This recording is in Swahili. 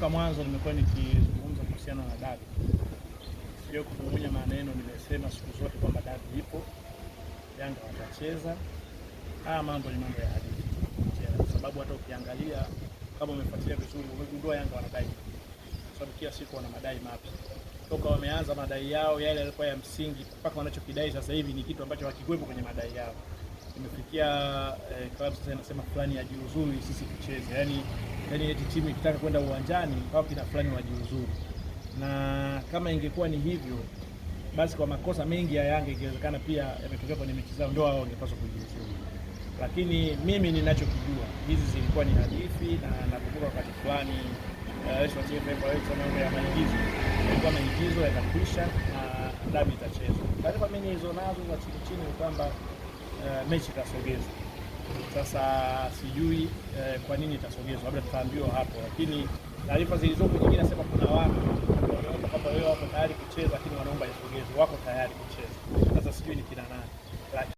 Toka mwanzo nimekuwa nikizungumza kuhusiana na dabi, sio kupumunya maneno. Nimesema siku zote kwamba dabi ipo, Yanga watacheza. Haya mambo ni mambo ya hadithi, kwa sababu hata ukiangalia kama umefuatilia vizuri, umegundua Yanga wanadai sababu, kila siku wana madai mapya. Toka wameanza madai yao yale yalikuwa ya msingi, mpaka wanachokidai sasa hivi ni kitu ambacho hakikuwepo kwenye madai yao. Imefikia eh, klabu sasa inasema fulani ajiuzuru, sisi tucheze, yaani yani eti timu ikitaka kwenda uwanjani au kina fulani wajiuzuru, na kama ingekuwa ni hivyo basi kwa makosa mengi ya Yanga ikiwezekana pia yametokea kwenye mechi zao, ndio hao wangepaswa kujiuzuru. Lakini mimi ninachokijua hizi zilikuwa ni hadithi, na nakumbuka wakati fulani eh, ya maigizo ilikuwa maigizo yatakwisha na dabi itachezwa. Taarifa mimi nilizo nazo za chini chini ni kwamba eh, mechi itasogezwa. Sasa sijui eh, kwa nini itasogezwa, labda tutaambiwa hapo, lakini taarifa zilizopo nyingine nasema kuna watu wanaomba kwamba wao wako tayari kucheza, lakini wanaomba isogezwe, wako tayari kucheza. Sasa sijui